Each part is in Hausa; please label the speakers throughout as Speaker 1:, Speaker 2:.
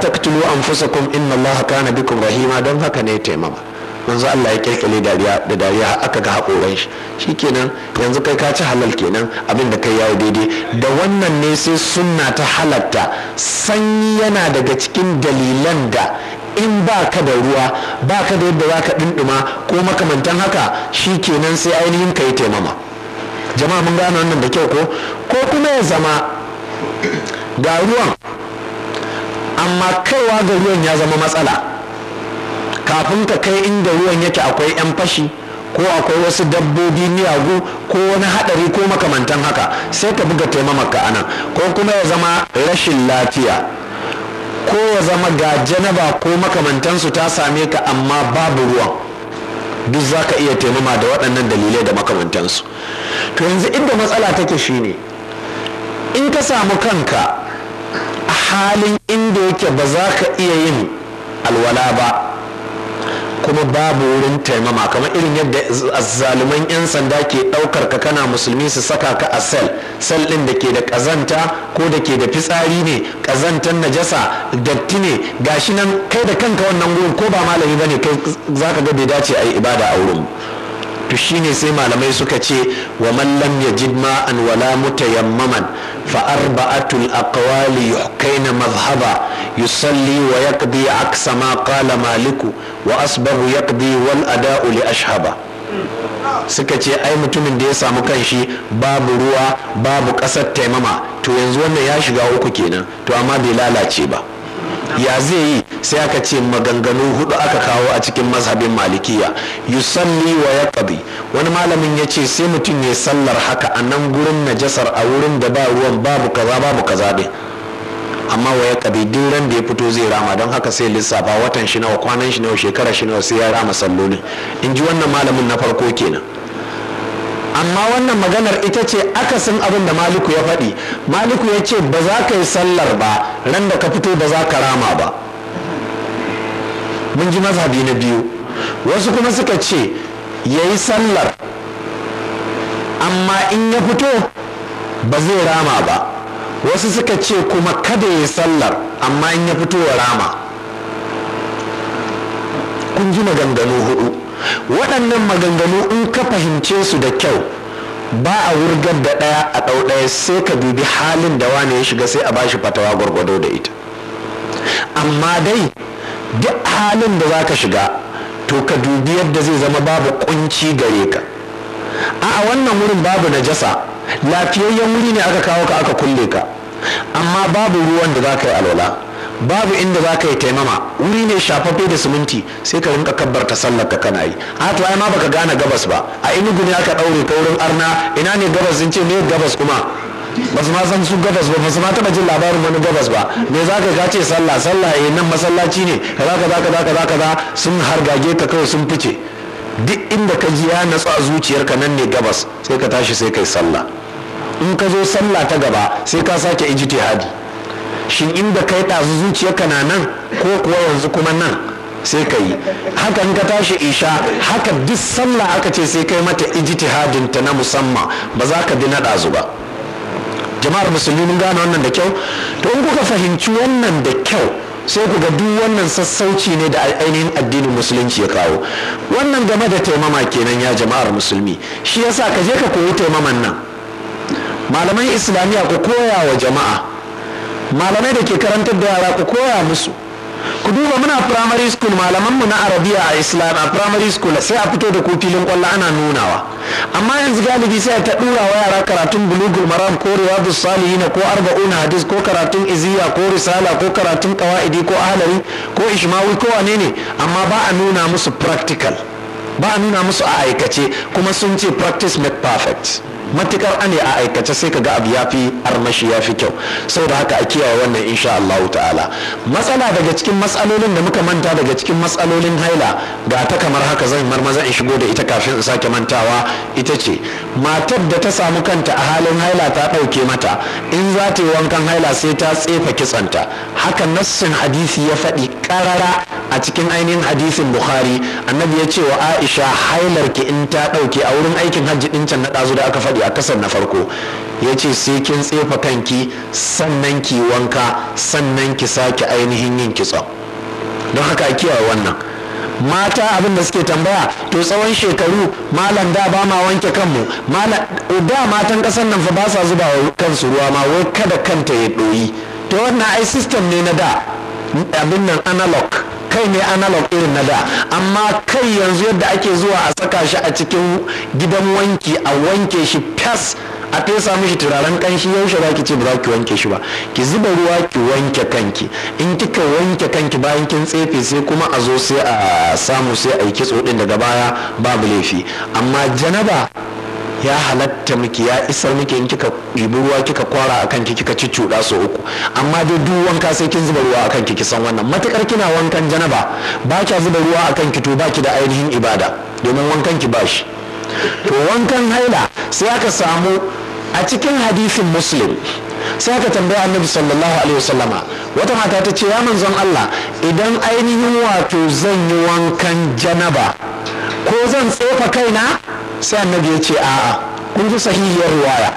Speaker 1: taktulu anfusakum inna Allah kana bikum rahima don haka ne taimama manzo Allah ya kirkire dariya da dariya aka ga hakoran shi shikenan yanzu kai ka ci halal kenan abin da kai yawo daidai da wannan ne sai sunna ta halatta sanyi yana daga cikin dalilan da in ba ka da ruwa ba ka da yadda za ka ɗinɗuma ko makamantan haka shi kenan sai ainihin ka yi taimama jama'a mun gane wannan da kyau ko ko kuma ya zama ga ruwan amma kaiwa ga ruwan ya zama matsala kafin ka kai inda ruwan yake akwai 'yan fashi ko akwai wasu dabbobi miyagu ko wani hadari ko makamantan haka sai ka buga taimamaka anan ko kuma ya zama rashin lafiya ko ya zama ga janaba ko makamantansu ta same ka amma babu ruwan duk za ka iya taimama da waɗannan dalilai da makamantansu to yanzu inda matsala take shine in ka samu kanka a halin inda yake ba za ka iya yin alwala ba kuma babu wurin taimama kamar irin yadda zaluman 'yan sanda ke ɗaukar ka kana musulmi su saka ka a sel sel din da ke da kazanta ko da ke da fitsari ne ƙazantar najasa datti ne gashi nan kai da kanka wannan gurin ko ba malami ba ne kai zaka ga bai dace a yi ibada a wurin to shine sai malamai suka ce wa mallam ya ji ma'an wala mutayammaman fa arba'atul aqwali yuhkaina madhhaba yusalli wa yaqdi aksa ma qala maliku wa asbahu yaqdi wal ada'u li ashhaba suka ce ai mutumin da ya samu kanshi babu ruwa babu ƙasar taimama to yanzu wannan ya shiga uku kenan to amma bai lalace ba ya zai yi sai aka ce maganganu hudu aka kawo a cikin mazhabin malikiya yusalli wa yaqdi wani malamin ya ce sai mutum ya sallar haka a nan gurin najasar a wurin da ba ruwan babu kaza babu kaza din amma wa yaqdi duk da ya fito zai rama don haka sai lissafa watan shi nawa kwanan shi nawa shekara shi nawa sai ya rama sallolin in ji wannan malamin na farko kenan amma wannan maganar ita ce akasin abin da maliku ya faɗi maliku ya ce ba za ka yi sallar ba ran da ka fito ba za ka rama ba mun ji mazhabi na biyu wasu kuma suka ce ya yi sallar amma in ya fito ba zai rama ba wasu suka ce kuma kada ya yi sallar amma in ya fito wa rama kun ji maganganu hudu waɗannan maganganu in ka fahimce su da kyau ba a wurgar da ɗaya a ɗau ɗaya sai ka dubi halin da wane ya shiga sai a shi fatawa gwargwado da ita amma dai duk halin da za ka shiga to ka dubi yadda zai zama babu kunci gare ka a wannan wurin babu najasa lafiyayyen wuri ne aka kawo ka aka kulle ka amma babu ruwan da za ka yi alwala babu inda za ka yi taimama wuri ne shafaffe da siminti sai ka rinka kabbar ta sallar ka kana yi a to ai ma baka gane gabas ba a inugu ne aka daure ka wurin arna ina ne gabas sun ce ne gabas kuma ba su ma san su gabas ba ba su ma taba jin labarin wani gabas ba me za ka ce sallah sallah eh nan masallaci ne kaza kaza kaza kaza kaza sun hargage ka kawai sun fice duk inda ka ji ya natsu a zuciyarka nan ne gabas sai ka tashi sai kai sallah in ka zo sallah ta gaba sai ka sake ijtihadi shin inda kai ɗazu zuciya kana nan ko kuwa yanzu kuma nan sai ka yi haka in ka tashi isha haka duk sallah aka ce sai kai mata ijtihadin ta na musamman ba za ka bi na ɗazu ba jama'ar musulmi mun gane wannan da kyau to in kuka fahimci wannan da kyau sai ku ga duk wannan sassauci ne da ainihin addinin musulunci ya kawo wannan game da taimama kenan ya jama'ar musulmi shi yasa ka je ka koyi taimaman nan malaman islamiyya ku koya wa jama'a malamai da ke karantar da yara ku koya musu ku duba muna primary school malamanmu na arabiya a islam a primary school sai a fito da ku filin kwallo ana nunawa amma yanzu galibi sai ta dura wa yara karatun bulugul maram ko riyadus salihin ko arba'una hadis ko karatun iziya ko risala ko karatun qawaidi ko ahlari ko ishmawi ko wane ne amma ba a nuna musu practical ba a nuna musu a aikace kuma sun ce practice make perfect matukar ane a aikace sai kaga abu ya fi armashi ya fi kyau saboda haka a kiyaye wannan insha Allah ta'ala matsala daga cikin matsalolin da muka manta daga cikin matsalolin haila ga ta kamar haka zan marmaza in shigo da ita kafin in sake mantawa ita ce matar da ta samu kanta a halin haila ta ɗauke mata in za ta yi wankan haila sai ta tsefa kitsanta haka nassin hadisi ya faɗi ƙarara a cikin ainihin hadisin bukhari annabi ya ce wa aisha hailar ki in ta ɗauke a wurin aikin hajji ɗin can na ɗazu da aka faɗi a kasar na farko ya ce sai kin tsefa kanki sannan ki wanka sannan ki sake ainihin yin kitson don haka a kiyaye wannan mata abin da suke tambaya to tsawon shekaru malam da ba ma wanke kanmu da matan kasar nan fa ba sa zuba wa kansu ruwa ma wai kada kanta ya ɗoyi to wannan ai system ne na da abin nan analog kai ne analog irin na da amma kai yanzu yadda ake zuwa a saka shi a cikin gidan wanki a wanke shi fas a fesa mishi turaren kanshi yaushe za ki ce ba za ki wanke shi ba ki zuba ruwa ki wanke kanki in kika wanke kanki bayan kin tsefe sai kuma a zo sai a samu sai a yi kitso din daga baya babu laifi amma janaba ya halatta miki ya isa miki in kika ɗibi ruwa kika kwara a kanki kika ci cuɗa su uku amma dai duk wanka sai kin zuba ruwa a kanki ki san wannan matukar kina wankan janaba ba kya zuba ruwa a kanki to baki da ainihin ibada domin wankan ki ba shi to wankan haila sai aka samu a cikin hadisin muslim sai aka tambaya annabi sallallahu alaihi wasallama wata mata ta ce ya manzon Allah idan ainihin wato zan yi wankan janaba ko zan tsofa kaina sai annabi ya ce a'a kun ji sahihiyar riwaya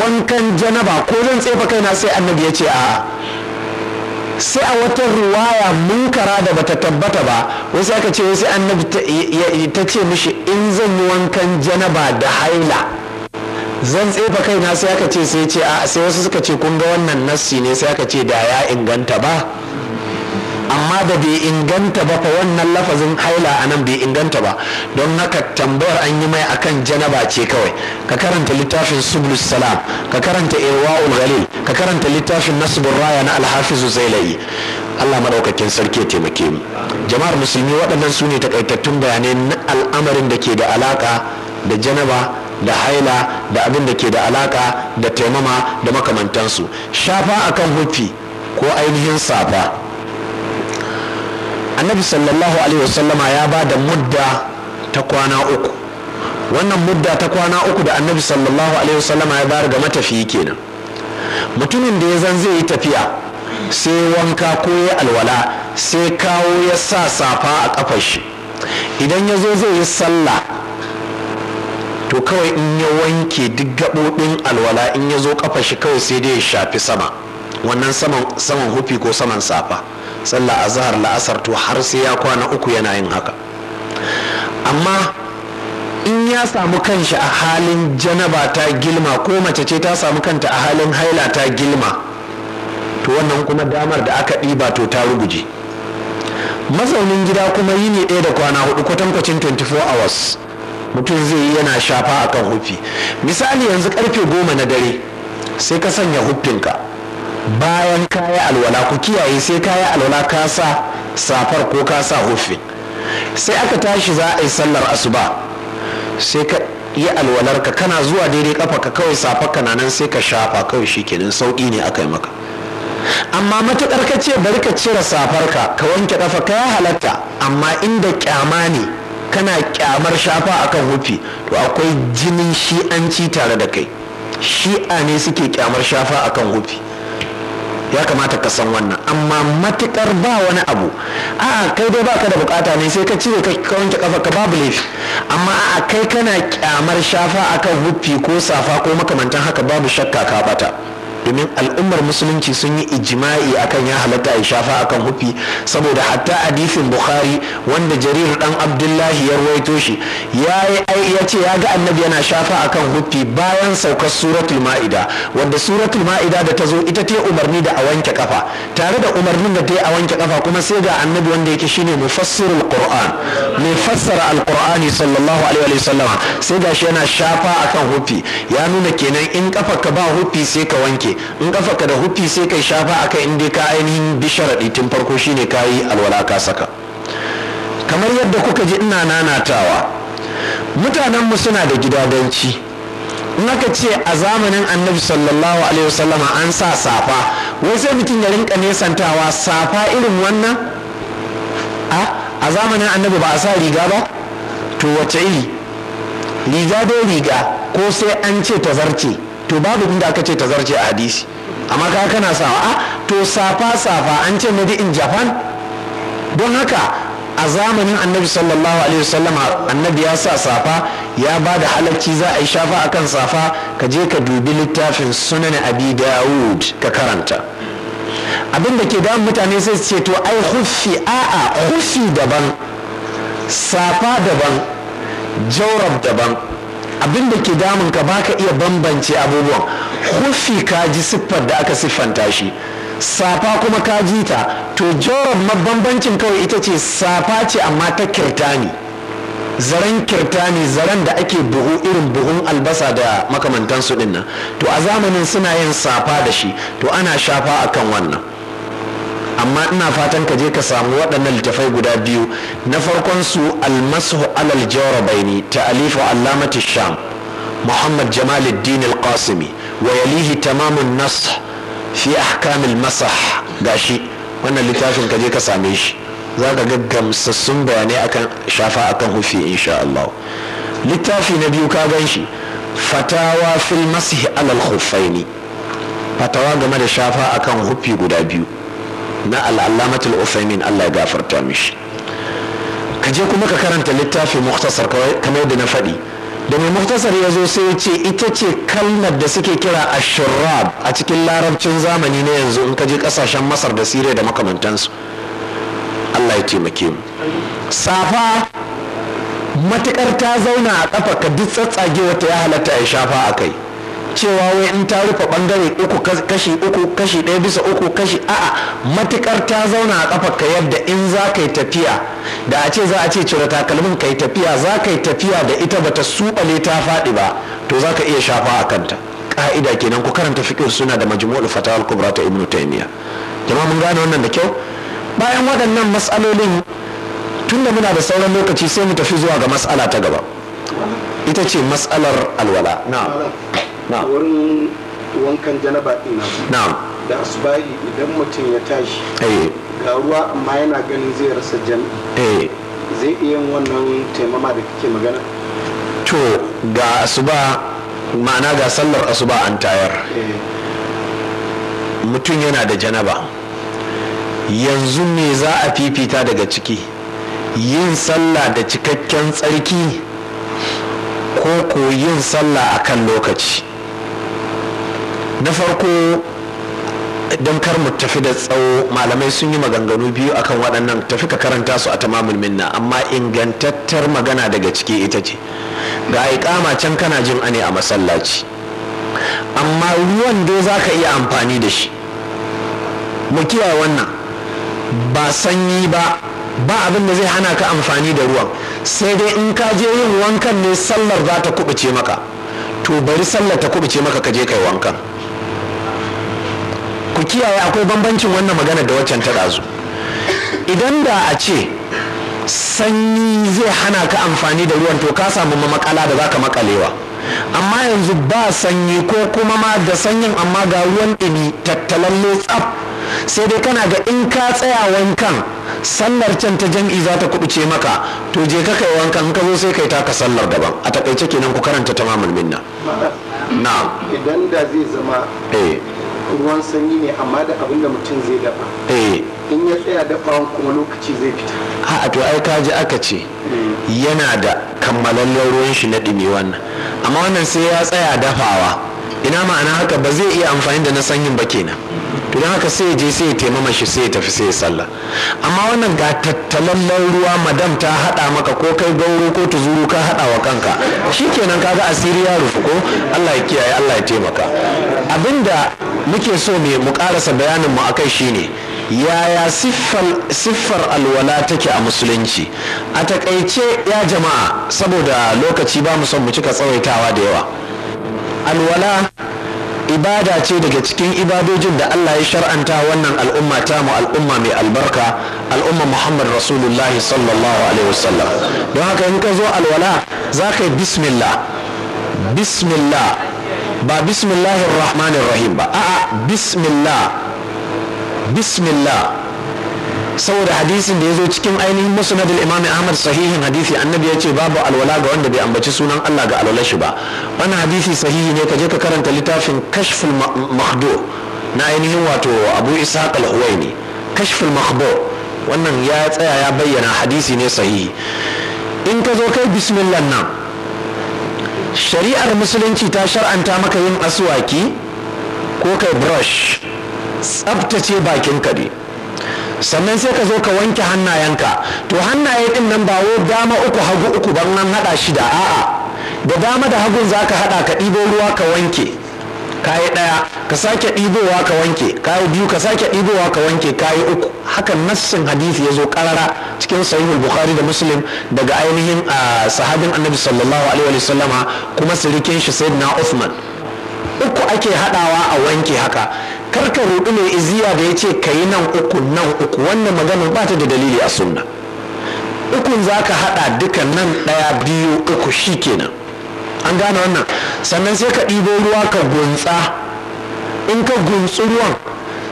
Speaker 1: wankan janaba ko zan tsefa kaina sai annabi ya ce a'a sai a wata ruwaya munkara da bata tabbata ba wasu aka ce wasu annabi ta ce mishi in zan yi wankan janaba da haila zan tsefa kaina sai aka ce sai ce a sai wasu suka ce kun ga wannan nassi ne sai aka ce da ya inganta ba amma da bai inganta ba fa wannan lafazin haila a nan bai inganta ba don haka tambayar an yi mai akan janaba ce kawai ka karanta littafin sublus salam ka karanta irwa'ul galil ka karanta littafin nasbur raya na alhafizu zailai Allah madaukakin sarki ya taimake mu jama'ar musulmi waɗannan su ne takaitattun bayanai na al'amarin da ke da alaka da janaba da haila da abin da ke da alaka da taimama da makamantansu shafa akan hufi ko ainihin safa annabi sallallahu alaihi wasallama ya ba da mudda ta kwana uku wannan mudda ta kwana uku da annabi sallallahu alaihi wasallama ya bayar ga matafiyi kenan mutumin da ya zan zai yi tafiya sai wanka ko ya alwala sai kawo ya sa safa a kafar shi idan ya zo zai yi sallah to kawai in ya wanke duk gaɓoɓin alwala in ya zo kafa shi kawai sai dai ya shafi sama wannan saman hufi ko saman safa sallah zahar la'asar to har sai ya kwana uku yana yin haka amma in ya samu kanshi a halin janaba ta gilma ko mace ce ta samu kanta a halin haila ta gilma to wannan kuma damar da aka ɗiba to ta ruguje mazaunin gida kuma yi yini ɗaya da kwana hudu kwatankwacin 24 hours mutum zai yi yana shafa akan hufi misali yanzu karfe goma na dare sai ka sanya hufinka bayan kaya alwala ku kiyaye sai kaya alwala ka sa safar ko ka sa hufin sai aka tashi za a yi sallar asuba sai ka yi alwalarka kana zuwa daidai kafa ka kawai safar ka nan sai ka shafa kawai shi kenan sauki ne aka yi maka amma matuƙar ka ce bari ka cire safar ka ka wanke kafa ka ya halatta amma inda kyama ne kana kyamar shafa akan hufi to akwai jinin shi'anci tare da kai shi'a ne suke kyamar shafa akan hufi ya kamata ka san wannan amma matukar ba wani abu a'a kai dai baka da bukata ne sai ka cire ka wanke kafa ka babu laifi amma a kai kana kyamar shafa akan hufi ko safa ko makamantan haka babu shakka ka bata domin al'ummar musulunci sun yi ijima'i akan ya halatta a shafa akan hufi saboda hatta hadisin bukhari wanda jarir dan abdullahi ya rawaito shi ya ce ya ga annabi yana shafa akan hufi bayan saukar suratul ma'ida wanda suratul ma'ida da ta zo ita ta umarni da a wanke kafa tare da umarnin da ta yi a wanke kafa kuma sai ga annabi wanda yake shine mufassirul qur'an mai fassara alqur'ani sallallahu alaihi wa sallam sai gashi yana shafa akan hufi ya nuna kenan in kafa ka ba hufi sai ka wanke In kafa ka da hufi sai kai shafa aka in dai ka ainihin bi sharaɗi tun farko shine ka yi alwala ka saka kamar yadda kuka ji ina nanatawa mutanen mu suna da gidadanci in aka ce a zamanin annabi sallallahu alaihi wasallama an sa safa wai sai mutum ya rinka nesantawa safa irin wannan a zamanin annabi ba a sa riga ba to wace iri riga dai riga ko sai an ce ta zarce to babu inda aka ce ta zarce a hadisi amma ka kana sawa a ah, to safa safa an ce made in japan don haka a zamanin annabi sallallahu alaihi wasallam annabi ya sa safa ya ba da halarci za a yi shafa a kan safa ka je ka dubi littafin sunan abi dawud ka karanta abin da ke da mutane sai su ce to ai huffi a'a hufi daban safa daban jaurab daban abin da ke damun ka baka iya bambance abubuwan hufi ka ji siffar da aka siffanta shi safa kuma ka ji ta to jorab mabambancin kawai ita ce safa ce amma ta kirtani zaren kirtani zaren da ake buhu irin buhun albasa da makamantansu dinnan to a zamanin suna yin safa da shi to ana shafa akan wannan amma ina fatan ka je ka samu waɗannan littafai guda biyu na farkon su almasu alal ta ta'alifu allamati sham muhammad jamaluddin al-qasimi wa yalihi tamamun nas fi ahkamil masah gashi wannan littafin ka je ka same shi za ka ga gamsassun bayanai akan shafa akan hufi insha Allah littafi na biyu ka gan shi fatawa fil masih alal khuffaini fatawa game da shafa akan hufi guda biyu na al'allamatul usaimin allah ya gafarta mishi ka je kuma ka karanta littafin muktasar kamar yadda na faɗi da mai muktasar ya zo sai ya ce ita ce kalmar da suke kira ashirab a cikin larabcin zamani na yanzu in ka je kasashen masar da siriya da makamantansu allah ya taimake mu safa matukar ta zauna a kafa ka duk tsatsage wata ya halatta ya shafa a kai cewa wai in ta rufe bangare uku kashi uku kashi ɗaya bisa uku kashi a'a matukar ta zauna a ƙafa ka yadda in za ka yi tafiya da a ce za a ce cire takalmin ka yi tafiya za ka yi tafiya da ita bata suɓale ta faɗi ba to za ka iya shafa a kanta ka'ida kenan ku karanta fiqh suna da majmu'ul fatawal kubra ta ibnu taymiya jama'a mun gane wannan da kyau bayan waɗannan matsalolin tunda muna da sauran lokaci sai mu tafi zuwa ga matsala ta gaba ita ce matsalar alwala na wurin wankan janaba ɗina da asibahi idan mutum ya tashi eh. ga ruwa amma yana ganin zai rasa jam'i eh. zai iya wannan taimama da kake magana to ga asuba ma'ana ga sallar asuba an tayar eh. mutum yana da janaba yanzu me za a fifita daga ciki yin sallah da cikakken tsarki ko ko yin sallah a kan lokaci na farko don kar mu tafi da tsawo malamai sun yi maganganu biyu akan waɗannan tafi ka karanta su a tamamul minna amma ingantattar magana daga ciki ita ce ga iƙama can kana jin ane a masallaci amma ruwan dai za ka iya amfani da shi mu kiyaye wannan ba sanyi ba ba abin da zai hana ka amfani da ruwan sai dai in ka je yin wankan ne sallar za ta kubuce maka to bari sallar ta kubuce maka ka je kai wankan ku kiyaye akwai bambancin wannan magana da waccan ta idan da a ce sanyi zai hana ka amfani da ruwan to ka samu mamakala da zaka makalewa amma yanzu ba sanyi ko kuma ma da sanyin amma ga ruwan ɗini tattalalle tsaf sai dai kana ga in ka tsaya wankan sallar can ta jam'i za ta kubuce maka to je ka kai wankan ka zo sai kai taka sallar daban a takaice kenan ku karanta tamamul minna na idan da zai zama eh. ruwan sanyi ne amma da abin da mutum zai dafa eh. in ya tsaya dafawan kuma lokaci zai fita a to ai ka ji aka ce hmm. yana da kammalallen ruwan shi na ɗumi wannan amma wannan sai ya tsaya dafawa ina ma'ana haka ba zai iya amfani da na sanyin ba kenan to don haka sai je sai ya taimama shi sai ya tafi sai ya sallah amma wannan ga ruwa madam ta hada maka ko kai gauro ko tuzuru ka hada wa kanka shikenan ga asiri ya rufu ko Allah ya kiyaye Allah ya taimaka abinda muke so me mu karasa bayanin mu akai shine yaya siffar alwala take a musulunci a takaice ya jama'a saboda lokaci ba mu son mu cika tsawaitawa da yawa alwala ibada ce daga cikin ibadojin da Allah ya shar'anta wannan al'umma mu al'umma mai albarka al'umma Muhammad Rasulullahi sallallahu alaihi wasallam don haka in ka zo alwala za ka yi bismillah bismillah ba bismillahir rahmanir rahim ba a'a bismillah bismillah saboda hadisin da ya zo cikin ainihin musnadul imami imam ahmad sahihin hadisi annabi ya ce babu alwala ga wanda bai ambaci sunan Allah ga alwala shi ba wannan hadisi sahihi ne ka je ka karanta littafin kashful mahdo na ainihin wato abu ishaq al-huwaini kashful mahdo wannan ya tsaya ya bayyana hadisi ne sahihi in ka zo kai bismillah nan shari'ar musulunci ta shar'anta maka yin aswaki ko kai brush tsabtace bakin ka ne sannan sai ka zo ka wanke hannayenka to hannaye din nan ba wo dama uku hagu uku ban nan hada shida a'a da dama da hagun za ka hada ka ɗibo ruwa ka wanke kayi ɗaya ka sake ɗibowa ka wanke kayi biyu ka sake ɗibowa ka wanke kayi uku hakan nassin hadisi ya zo karara cikin sahihul bukhari da muslim daga ainihin sahabin annabi sallallahu alaihi wa sallama kuma sirikin shi sayyidina uthman uku ake hadawa a wanke haka karka rudu mai iziya da ya ce ka yi nan uku nan uku wannan magana ba ta da dalili a sunna ukun za ka haɗa duka nan ɗaya biyu uku shi kenan an gane wannan sannan sai ka ɗibo ruwa ka gunsa in ka gunsu ruwan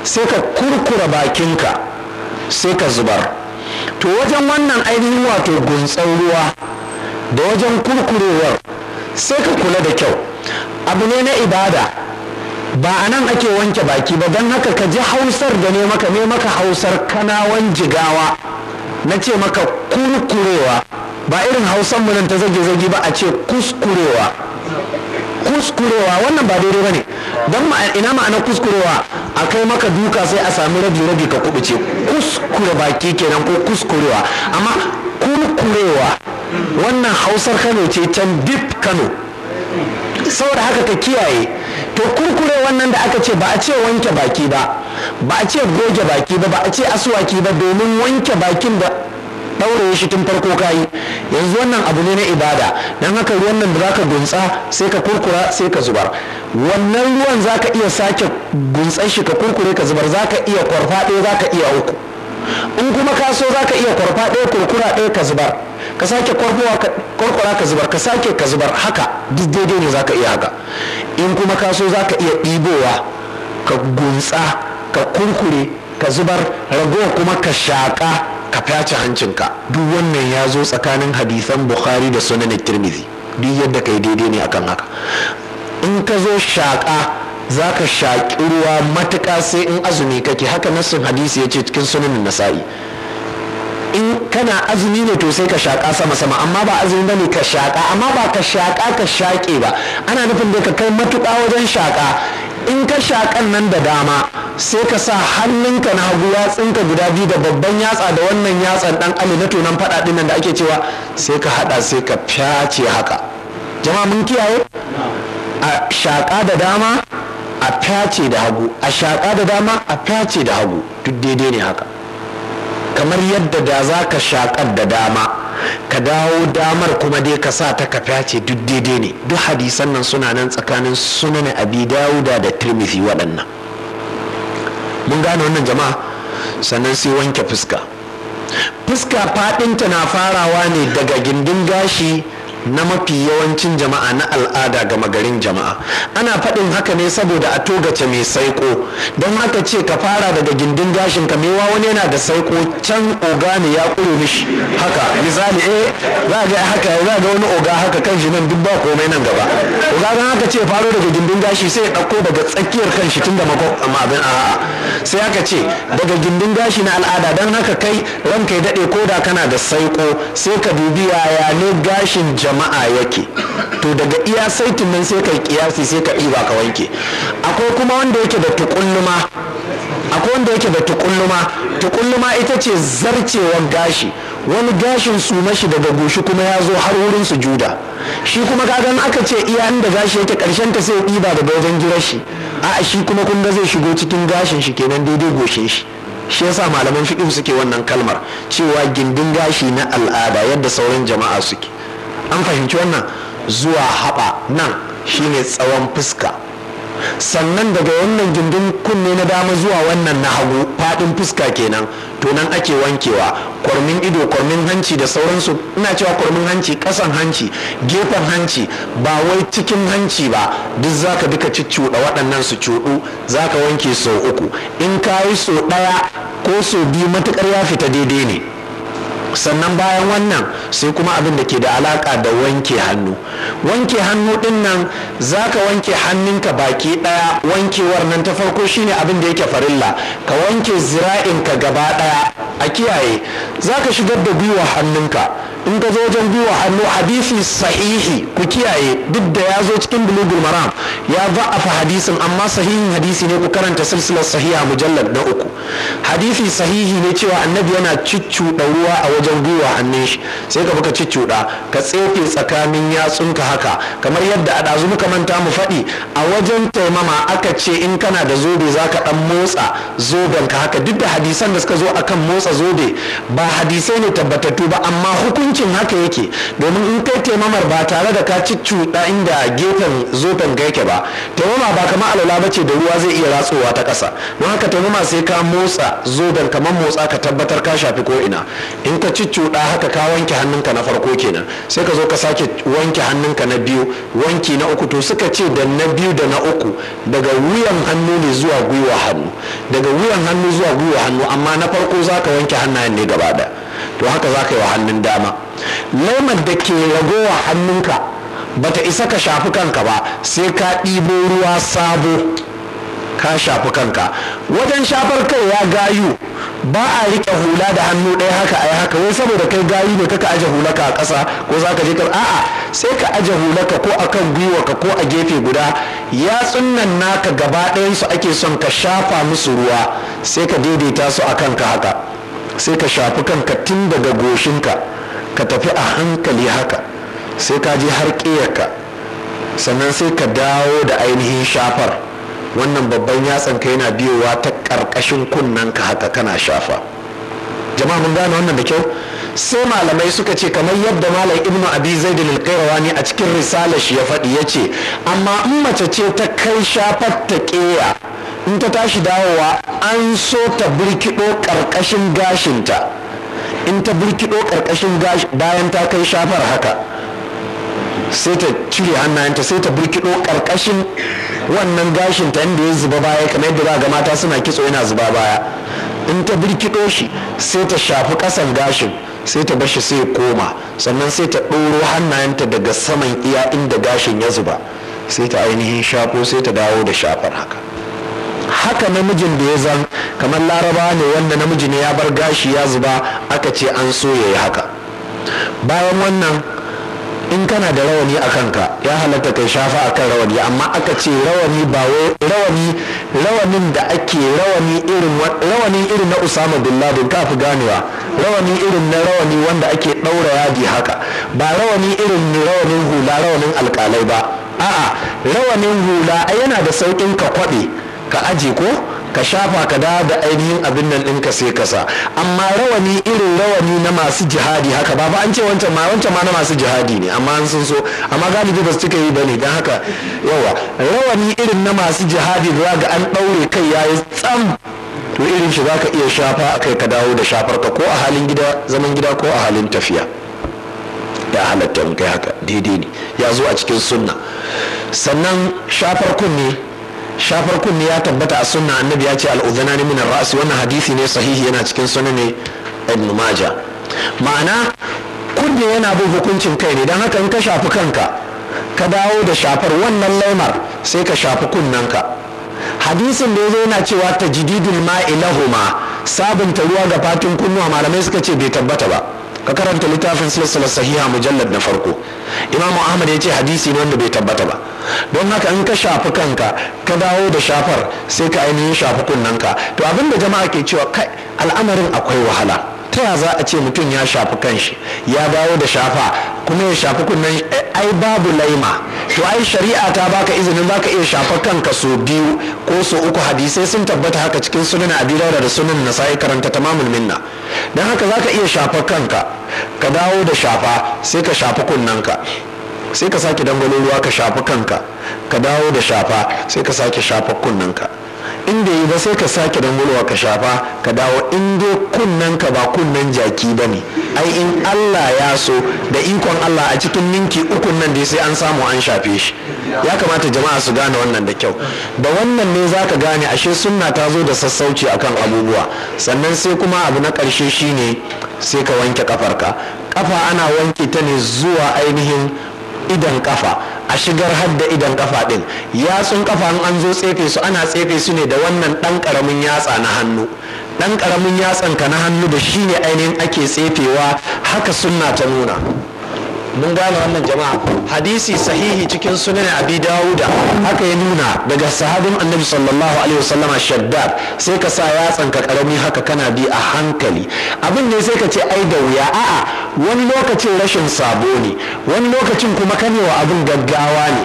Speaker 1: sai ka kurkura bakinka sai ka zubar to wajen wannan ainihin wato guntsan ruwa da wajen kurkurewar sai ka kula da kyau abu ne na ibada ba a nan ake wanke baki ba don haka ka ji hausar da ne maka ne maka hausar kanawan jigawa na ce maka kurkurewa ba irin Hausar mu nan ta zage-zage ba a ce kuskurewa kuskurewa wannan ba daidai ba ne don ina ma'ana kuskurewa a kai maka duka sai a sami rabi-rabi ka kubuce kuskure baki kenan ko kuskurewa amma kurkurewa wannan hausar kano ce can dip kano saboda haka ka kiyaye to kurkure wannan da aka ce ba a ce wanke baki ba ba a ce goge baki ba ba a ce asuwaki ba domin wanke bakin da ɗaure shi tun farko kayi yanzu wannan abu ne na ibada don haka ruwan nan da zaka gunsa sai ka kurkura sai ka zubar wannan ruwan zaka iya sake guntsan shi ka kurkure ka zubar zaka iya kwarfa ɗaya zaka iya uku in kuma ka so zaka iya kwarfa ɗaya kurkura ɗaya ka zubar ka sake kwarfowa kurkura ka zubar ka sake ka zubar haka duk daidai ne zaka iya haka in kuma ka so za ka iya ɗibowa ka gunsa ka kunkure ka zubar ragowa kuma ka shaƙa ka fyace hancinka duk wannan ya zo tsakanin hadisan bukhari da sunan tirmizi duk yadda ka yi daidai ne akan haka in ka zo shaƙa za ka shaƙi ruwa matuƙa sai in azumi kake haka nassin hadisi ya ce cikin sunan nasa'i in kana azumi ne to sai ka shaƙa sama sama amma ba azumi bane ka shaƙa amma ba ka shaƙa ka shaƙe ba ana nufin da ka kai matuƙa wajen shaƙa in ka shaƙan nan da dama sai ka sa hannunka na hagu yatsinka guda biyu da babban yatsa da wannan yatsan dan ali na tonan faɗa ɗin nan da ake cewa sai ka haɗa sai ka fyace haka jama'a mun kiyaye a shaƙa da dama a fyace da hagu a shaƙa da dama a fyace da hagu duk daidai ne haka kamar yadda da za ka shaƙar da dama ka dawo damar kuma dai ka sa ta kafa ce duk daidai ne duk hadisan nan suna nan tsakanin sunan abi dawuda da tirmidhi waɗannan mun gane wannan jama'a sannan sai wanke fuska fuska faɗinta na farawa ne daga gindin gashi na mafi yawancin jama'a na al'ada ga garin jama'a ana faɗin haka ne saboda a togace mai saiko don haka ce ka fara daga gindin gashin ka mewa wani yana da saiko can oga ne ya ƙure mishi haka misali eh za ga haka za ga wani oga haka kan shi nan duk ba komai nan gaba oga don haka ce faro daga gindin gashi sai ya ɗauko daga tsakiyar kan shi tun da abin a sai haka ce daga gindin gashi na al'ada don haka kai ranka ya daɗe koda kana da saiko sai ka dubi yaya ne gashin jama'a jama'a yake to daga iya saitin nan sai ka kiyasi sai ka ɗiba ka wanke akwai kuma wanda yake da tukulluma akwai wanda yake da tukulluma tukulluma ita ce zarcewar gashi wani gashin su mashi daga goshi kuma ya zo har wurin sujuda shi kuma kagan aka ce iya inda gashi yake karshen ta sai ɗiba daga wajen girar shi a'a shi kuma kun zai shigo cikin gashin shi kenan daidai goshin shi shi yasa malaman fiqh suke wannan kalmar cewa gindin gashi na al'ada yadda sauran jama'a suke an fahimci wannan zuwa haɓa nan shine tsawon fuska sannan daga wannan gindin kunne na dama zuwa wannan na hagu faɗin fuska kenan to nan ake wankewa kwarmin ido kwarmin hanci da sauransu ina cewa kwarmin hanci kasan hanci gefen hanci ba wai cikin hanci ba duk zaka duka cuɗa waɗannan su cuɗu zaka wanke sau uku in ka yi sau ɗaya ko sau biyu matukar ya fita daidai ne sannan bayan wannan sai kuma abin da ke da alaka da wanke hannu wanke hannu din nan za ka wanke hannunka baki daya wankewar nan ta farko shine abin da yake farilla ka wanke zira'inka gaba daya a kiyaye za ka shigar da gwiwa hannunka in ka zo wajen biyu hannu hadisi sahihi ku kiyaye duk da ya zo cikin bulugul maram ya fa hadisin amma sahihin hadisi ne ku karanta silsilar sahiha mujallar na uku hadisi sahihi ne cewa annabi yana da ruwa a wajen gwiwa hannun shi sai ka ciccu ciccuɗa ka tsefe tsakanin yatsunka haka kamar yadda a ɗazu muka manta mu faɗi a wajen taimama aka ce in kana da zobe za ka ɗan motsa zoben ka haka duk da hadisan da suka zo akan motsa zobe ba hadisai ne tabbatattu ba amma hukunci mutuncin haka yake domin in kai taimamar ba tare da ka cuɗa inda gefen zofen gaike ba taimama ba kamar alala ba ce da ruwa zai iya ratsowa ta kasa don haka taimama sai ka motsa zoben kamar motsa ka tabbatar ka shafi ko ina in ka cuɗa haka ka wanke hannunka na farko kenan sai ka zo ka sake wanke hannunka na biyu wanki na uku to suka ce da na biyu da na uku daga wuyan hannu ne zuwa gwiwa hannu daga wuyan hannu zuwa gwiwa hannu amma na farko za ka wanke hannayen ne gaba ɗaya to haka za ka yi wa hannun dama laimar da ke ragowa hannunka bata isa ka shafi kanka ba sai ka ɗibo ruwa sabo ka shafi kanka wajen shafar kai ya gayu ba a riƙe hula da hannu ɗaya haka ai haka wai saboda kai gayu ne kaka aje hulaka a ƙasa ko za ka je ka a'a sai ka aje hulaka ko akan gwiwa ka ko a gefe guda ya tsunan naka gaba ɗayan su ake son ka shafa musu ruwa sai ka daidaita su a kanka haka sai ka shafi kanka tun daga goshinka ka tafi a hankali haka sai ka je har ƙiyarka sannan sai ka dawo da ainihin shafar wannan babban yatsan ka yana biyowa ta ƙarƙashin kunnanka haka kana shafa jama'a mun gane wannan da kyau sai malamai suka ce kamar yadda malam ibnu abi da lilkairawa ne a cikin risalar shi ya faɗi ya ce amma in mace ce ta kai shafar ta ƙeya in ta tashi dawowa an so ta birkiɗo ƙarƙashin gashinta in ta birkiɗo ƙarƙashin gashi bayan ta kai shafar haka sai ta cire hannayenta sai ta birkiɗo ƙarƙashin wannan gashinta inda ya zuba baya kamar yadda za ga mata suna kitso yana zuba baya in ta birkiɗo shi sai ta shafi kasan gashin sai ta bashi sai koma sannan sai ta ɗoro hannayenta daga saman iya inda gashin ya zuba sai ta ainihin shafo sai ta dawo da shafar haka haka namijin da ya zan kamar laraba ne wanda namiji ne ya bar gashi ya zuba aka ce an so ya yi haka bayan wannan in kana da rawani a kanka ya halatta kai shafa a kan rawani amma aka ce rawani ba rawani rawanin da ake rawani irin rawani irin na usama bin ladin ka fi ganewa rawani irin na rawani wanda ake ɗaura yadi haka ba rawani irin rawanin hula rawanin alƙalai ba a'a rawanin hula yana da sauƙin ka kwaɓe ka aje ko ka shafa ka da da ainihin abin nan din ka sai kasa amma rawani irin rawani na masu jihadi haka ba an ce wancan ma wancan ma na masu jihadi ne amma an sun so amma galibi ba su cika yi bane dan haka yawa rawani irin na masu jihadi da ga an ɗaure kai yayi tsam to irin shi zaka iya shafa akai ka dawo da shafar ka ko a halin gida zaman gida ko a halin tafiya ya halatta mun kai haka daidai ne ya zo a cikin sunna sannan shafar kunne shafar kunne ya tabbata a sunna annabi ya ce al'udana ne minar ras wannan hadisi ne sahihi yana cikin sunan ibn maja ma'ana kunne yana bin hukuncin kai ne dan haka in ka shafi kanka ka dawo da shafar wannan laimar sai ka shafi kunnanka hadisin da ya zo yana cewa tajdidul ma'i lahuma sabunta ruwa ga fatin kunnuwa malamai suka ce bai tabbata ba ka karanta littafin silsilar sahiha mujallad na farko imamu ahmad ya ce hadisi ne wanda bai tabbata ba don haka in ka shafi kanka ka dawo da shafar sai ka ainihin shafi kunnanka to abin da jama'a ke cewa kai al'amarin akwai wahala ta ya za a ce mutum ya shafi kanshi ya dawo da shafa kuma ya shafi kunnan eh, ai babu laima to ai shari'a ta baka izinin baka iya shafa kanka so biyu ko so uku hadisai sun tabbata haka cikin sunan abi da sunan nasai karanta tamamul minna dan haka zaka iya shafa kanka ka dawo da shafa sai ka shafi kunnanka sai ka sake dangwalo ruwa ka shafi kanka ka dawo da shafa sai ka sake shafa kunnanka inda yi ba sai ka sake dangwalowa ka shafa ka dawo in kunnanka ba kunnen jaki ba ne ai in allah ya so da ikon allah a cikin ninki ukun nan dai sai an samu an shafe shi ya kamata jama'a su gane wannan da kyau da wannan ne za ka gane ashe sunna ta zo da sassauci a kan abubuwa sannan sai kuma abu na ƙarshe shine sai ka wanke kafarka kafa ana wanke ta ne zuwa ainihin idan kafa a shigar hadda idan kafa din yatsun kafa in an zo tsefe su ana tsefe su ne da wannan dan karamin yatsa na hannu dan karamin yatsan ka na hannu da shine ainihin ake tsefewa haka sunna ta nuna mun gane wannan jama'a hadisi sahihi cikin sunan abi dawuda haka ya nuna daga sahabin annabi sallallahu alaihi wasallama shaddad sai ka sa yatsan ka karami haka kana bi a hankali abin ne sai ka ce ai da wuya a'a wani lokacin rashin sabo ne wani lokacin kuma kanewa abin gaggawa ne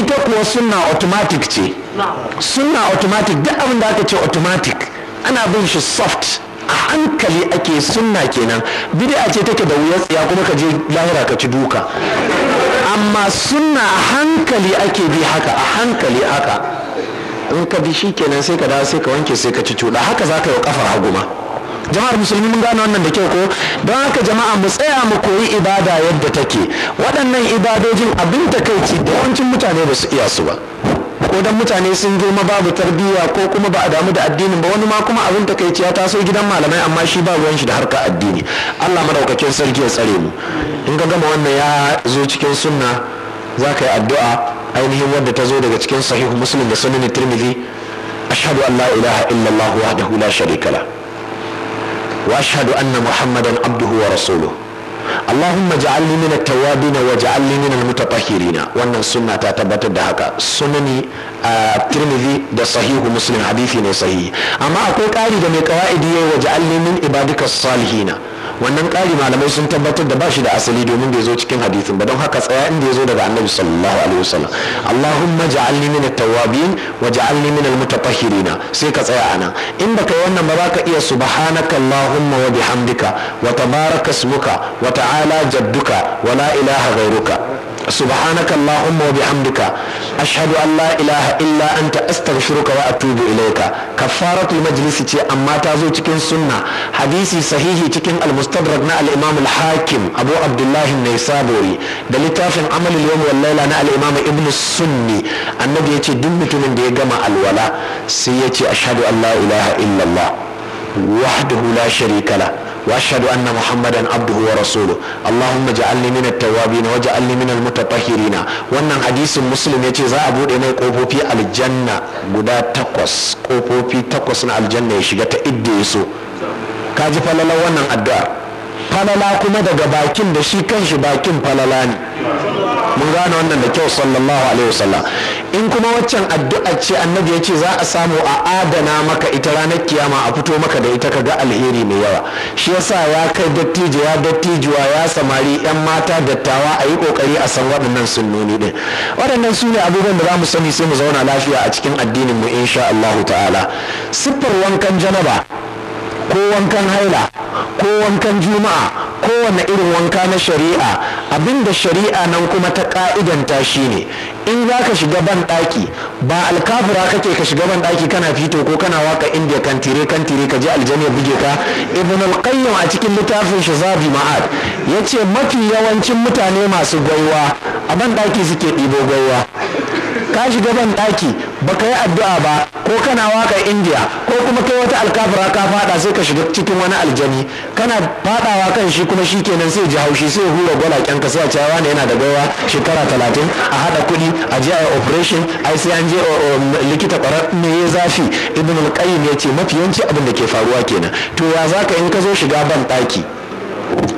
Speaker 1: ita kuwa sunna automatic ce sunna automatic duk abin da aka ce automatic ana bin shi soft a hankali ake sunna kenan bid'a ce take da wuyar tsiya kuma ka je lahira ka ci duka amma sunna a hankali ake bi haka a hankali haka in ka bi shi kenan sai ka dawo sai ka wanke sai ka ci cuɗa haka za ka yi wa haguma jama'ar musulmi mun gane wannan da kyau ko don haka jama'a mu tsaya mu koyi ibada yadda take waɗannan ibadojin abin takaici da yawancin mutane ba su iya su ba ko dan mutane sun girma babu tarbiyya ko kuma ba a damu da addinin ba wani ma kuma abin ta takaici ta so gidan malamai amma shi ba ruwan shi da harka addini Allah madaukakin sarki ya tsare mu in ka gama wannan ya zo cikin sunna za ka yi addu'a ainihin wanda ta zo daga cikin sahihu muslim da sunan tirmidhi ashhadu an la ilaha illallah wahdahu la sharika la wa ashhadu anna muhammadan abduhu wa rasuluhu Allahumma ja'alni min at-tawwabin wa ja'alni min al-mutatahhirin wannan sunna ta tabbatar da haka sunani a Tirmidhi da sahihu Muslim hadisi ne sahihi amma akwai ƙari da mai qawaidi yayi wa ja'alni min ibadika salihina wannan ƙari malamai sun tabbatar da bashi da asali domin bai zo cikin hadisin ba don haka tsaya inda ya zo daga annabi sallallahu alaihi wasallam allahumma ja'alni min at-tawwabin wa ja'alni min al-mutatahhirin sai ka tsaya ana in baka yi wannan ba za ka iya subhanaka allahumma wa bihamdika wa tabaraka ismuka wa ta'ala jadduka wa la ilaha ghairuka subhanaka allahumma wa bihamdika ashhadu an la ilaha illa anta astaghfiruka wa atubu ilayka kafaratul majlisi ce amma ta zo cikin sunna hadisi sahihi cikin al na al hakim abu abdullahi naisaburi da littafin amalul yawm na al-imam ibn sunni annabi yace duk mutumin da ya gama alwala sai yace ashhadu an la ilaha illa allah wahdahu la sharika lahu واشهد ان محمدا عبده ورسوله اللهم اجعلني من التوابين واجعلني من المتطهرين wannan hadisin muslim yace za a bude mai kofofi aljanna guda takwas kofofi takwas na aljanna ya shiga ta idda yaso ka ji falala wannan addu'a falala kuma daga bakin da shi kanshi bakin falala ne mun gane wannan da kyau sallallahu alaihi wasallam in kuma waccan addu'a ce annabi ya ce za a samu a adana maka ita ranar kiyama a fito maka da ita ka ga alheri mai yawa shi yasa ya kai dattijo ya dattijuwa ya samari yan mata dattawa a yi kokari a san waɗannan sunnoni din waɗannan su ne abubuwan da za mu sani sai mu zauna lafiya a cikin addinin mu insha Allah ta'ala siffar wankan janaba ko wankan haila ko wankan juma'a kowane irin wanka na shari'a abinda shari'a nan kuma ta ka'idanta ne in za ka shiga ban ɗaki ba alkafura kake ka shiga ban ɗaki kana fito ko kana waka indiya kan tire kan tire ka je aljani ya buge ka ibn alqayyim a cikin littafin shi zabi ma'ad yace mafi yawancin mutane masu gaiwa a ban ɗaki suke ɗibo gaiwa ka shiga ban ɗaki baka yi addu'a ba ko kana waka indiya ko kuma kai wata alkafara ka fada sai ka shiga cikin wani aljani kana fadawa kan shi kuma shi kenan sai ji haushi sai hura gwalaken ka sai a cewa yana da gaiwa shekara talatin a hada kuɗi a ji a operation a sai an je um, um, likita kwarar me ya zafi ibn alkayyim ya ce mafi yanci abin da ke faruwa kenan to ya zaka in ka zo shiga ban daki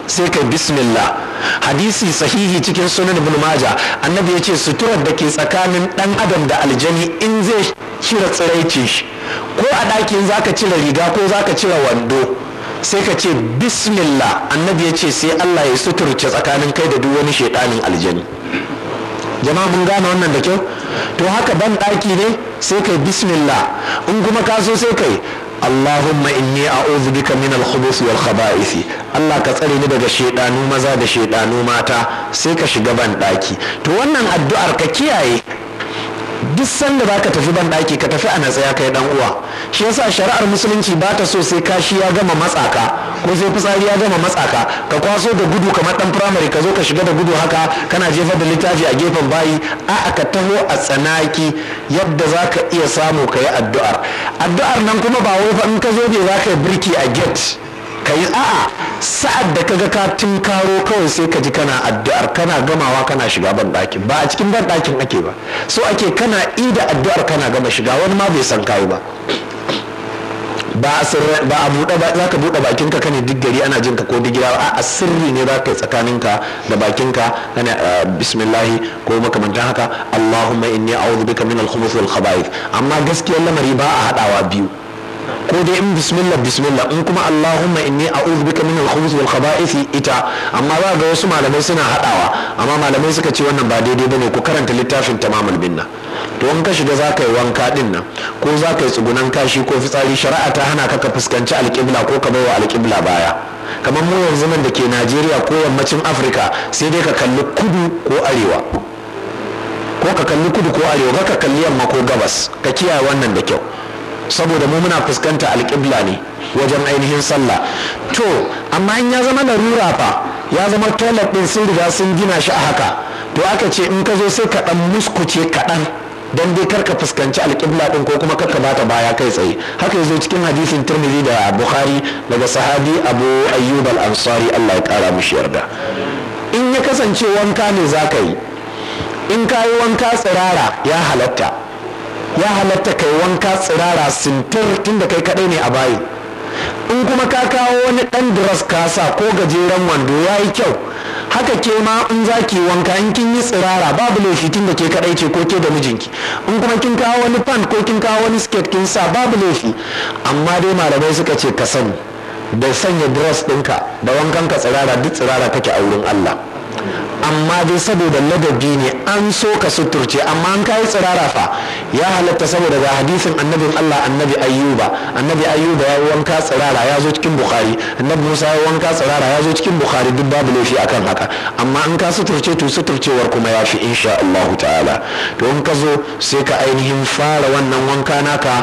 Speaker 1: sai ka bismillah hadisi sahihi cikin sunan ibn maja annabi yace suturar da ke tsakanin dan adam da aljani in zai cire tsiraici shi ko a ɗakin zaka cire riga ko zaka cire wando sai ka ce bismillah annabi ya sai Allah ya suturce tsakanin kai da duk wani shaitanin aljani jama'a mun gane wannan da kyau to haka ban ɗaki ne sai kai bismillah in kuma ka so sai kai Allahumma inni a'udhu bika min al-khubuth wal Allah ka tsare ni daga shedanu maza da shedanu mata sai ka shiga ban daki to wannan addu'ar ka kiyaye duk sanda za ka tafi ban ka tafi a natsaya kai dan uwa shi yasa shari'ar musulunci ba ta so sai kashi ya gama matsaka ko sai fitsari ya gama matsaka ka kwaso da gudu kamar dan firamare ka zo ka shiga da gudu haka kana jefar da littafi a gefen bayi a ka taho a tsanaki yadda za ka iya samu ka yi addu'ar addu'ar nan kuma ba wai fa in ka zo ne za ka yi birki a gate ka yi a'a sa'ad da kaga ka tunkaro kawai sai ka ji kana addu'ar kana gamawa kana shiga ban ɗakin ba a cikin ban ɗakin ake ba so ake kana ida addu'ar kana gama shiga wani ma bai san kayi ba ba a buɗe ba za ka buɗe bakinka ka duk diggari ana jinka ko digira a a sirri ne za ka yi tsakaninka da bakinka kana eh, bismillahi ko makamantan haka allahumma inni a'udhu bika min al-khubuth wal khaba'ith amma gaskiyar lamari ba a haɗawa biyu ko dai in bismillah bismillah in kuma allahumma inni a'udhu bika min al-khubuth wal khaba'ith ita amma za ga wasu malamai suna haɗawa amma malamai suka ce wannan ba daidai bane ku karanta littafin tamamul binna to in ka shiga zaka yi wanka din nan ko zaka yi tsugunan kashi ko fitsari shari'a ta hana ka ka fuskanci alƙibla ko ka bai baiwa alƙibla baya kamar mu yanzu nan da ke Najeriya ko yammacin Afirka sai dai ka kalli kudu ko arewa ko ka kalli kudu ko arewa ka kalli yamma ko gabas ka kiyaye wannan da kyau saboda mu muna fuskanta alƙibla ne wajen ainihin sallah to amma in ya zama larura fa ya zama toilet ɗin sun riga sun gina shi a haka to aka ce in ka zo sai ka ɗan muskuce kaɗan dan dai karka fuskanci alƙibla ɗin ko kuma karka bata baya kai tsaye haka ya zo cikin hadisin turmizi da bukhari daga sahabi abu ayyub al-ansari allah ya ƙara mishi yarda in ya kasance wanka ne za yi in ka yi wanka tsirara ya halatta ya halatta kai wanka tsirara sintir tunda kai kadai ne a bayi in kuma ka kawo wani dan dress kasa ko gajeren wando ya yi kyau haka ke ma in za ki wanka in kin yi tsirara babu laifi tun da ke kadai ce ko ke da mijinki in kuma kin kawo wani fan ko kin kawo wani skirt kin sa babu laifi amma dai malamai suka ce ka sani da sanya dress ɗinka da wankan ka tsirara duk tsirara kake a wurin Allah amma dai saboda ladabi ne an so ka suturce amma an kai tsirara fa ya halatta saboda ga hadisin annabin Allah annabi ayyuba annabi ayyuba ya wanka tsirara ya zo cikin bukhari annabi musa ya wanka tsirara ya zo cikin bukhari duk babu laifi akan haka amma an ka suturce to suturcewar kuma ya fi insha Allah ta'ala to in ka zo sai ka ainihin fara wannan wanka naka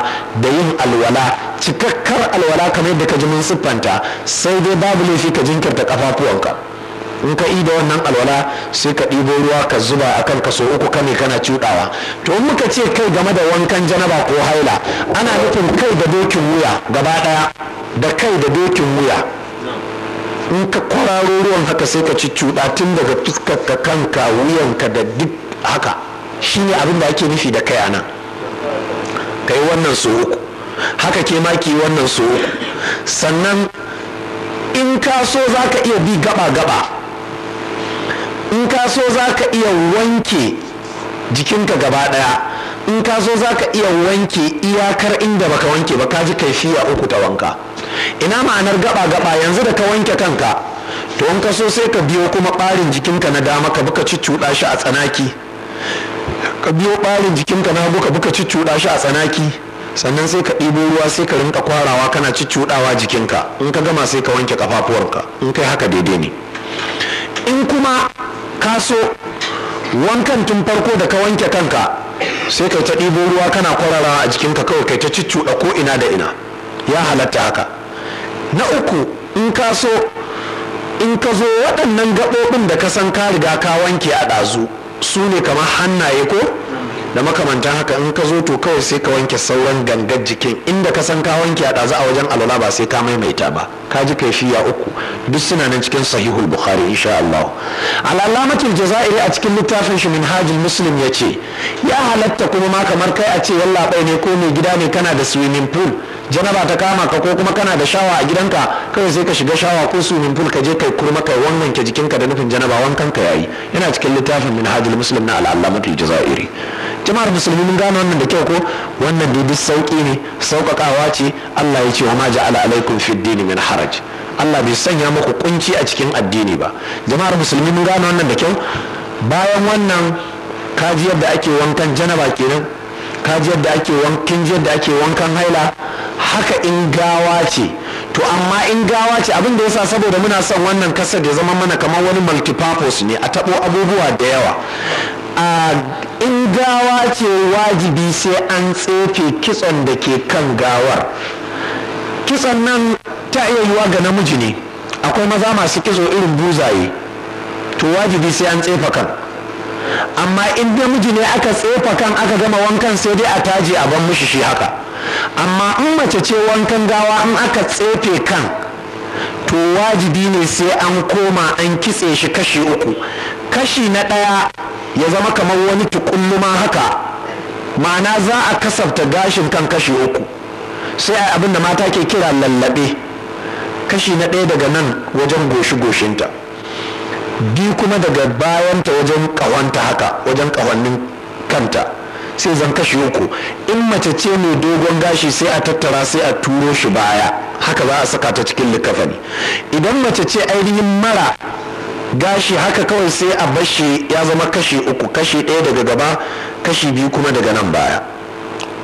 Speaker 1: da yin alwala cikakkar alwala kamar yadda ka ji mun siffanta sai dai babu laifi ka jinkirta kafafuwanka in ka da wannan alwala sai ka ɗibo ruwa ka zuba a kan kaso uku kane kana cuɗawa to in muka ce kai game da wankan janaba ko haila ana nufin kai da dokin wuya gaba ɗaya da kai da dokin wuya in ka kwararo ruwan haka sai ka ci cuɗa tun daga fuskar ka kanka wuyanka da duk haka shi ne abin da ake nufi da kai anan yi wannan so uku haka ke maki wannan so uku sannan in ka so za ka iya bi gaba-gaba in ka so za ka iya wanke jikinka gaba ɗaya in ka so za ka iya wanke iyakar inda baka wanke ba ka ji kaifiya uku ta wanka ina ma'anar gaba gaba yanzu da ka wanke kanka to in ka so sai ka biyo kuma ɓarin jikinka na dama ka buka cuccuɗa shi a tsanaki ka biyo ɓarin jikinka na hagu ka buka cuccuɗa shi a tsanaki sannan sai ka ɗibo ruwa sai ka rinka kwarawa kana cuccuɗawa jikinka in ka gama sai ka wanke kafafuwarka in kai haka daidai ne in kuma ka so wankan tun farko da ka wanke kanka sai ka ta ɗibo ruwa kana kwarara a jikinka kawai kai ta ciccuɗa ko ina da ina ya halatta haka na uku in ka so in ka zo waɗannan gaɓoɓin da ka san ka riga ka wanke a ɗazu su ne kamar hannaye ko da makamantan haka in ka zo to kawai sai ka wanke sauran gangar jikin inda ka san ka wanke a ɗazu a wajen alala ba sai ka maimaita ba ka ji ya uku duk suna nan cikin sahihul bukhari insha Allah al'alamatul jaza'iri a cikin littafin shi minhajul muslim ya ce ya halatta kuma ma kamar kai a ce yallaɓai ne ko mai gida ne kana da swimming pool janaba ta kama ka ko kuma kana da shawa a gidanka kawai sai ka shiga shawa ko swimming pool ka je kai kurma kai wannan ke jikinka da nufin janaba wankan ka yayi yana cikin littafin minhajul muslim na alalamatul jazairi jama'ar musulmi mun gane wannan da kyau ko wannan dai duk sauƙi ne sauƙaƙawa ce Allah ya ce wa ma ja'ala alaikum fi dini min haraj Allah bai sanya muku kunci a cikin addini ba jama'ar musulmi mun gane wannan da kyau bayan wannan kaji yadda ake wankan janaba kenan kaji yadda ake wankin yadda ake wankan haila haka in gawa ce to amma in gawa ce abin da yasa saboda muna son wannan kasar da zama mana kamar wani multipurpose ne a taɓo abubuwa da yawa A in gawa ce wajibi sai an tsefe kitson da ke kan gawar kitson nan ta iya yiwa ga namiji ne akwai maza masu kitso irin buzaye to wajibi sai an tsefa kan amma in namiji ne aka tsefa kan aka gama wankan sai dai a taji a ban mushi shi haka amma in mace ce wankan gawa in aka tsefe kan to wajibi ne sai an koma an kitse shi kashi uku kashi na ɗaya ya zama kamar wani tukulluma haka ma'ana za a kasafta gashin kan kashi uku sai a abin da mata ke kira lallaɓe kashi na ɗaya daga nan wajen goshi-goshinta biyu kuma daga bayanta wajen ƙawanta haka wajen ƙawannin kanta sai zan kashe uku in mace ce mai dogon gashi sai a tattara sai a turo shi baya haka za a saka ta cikin likafani idan mace ce ainihin mara gashi haka kawai sai a bashi ya zama kashi uku kashi ɗaya daga gaba kashi biyu kuma daga nan baya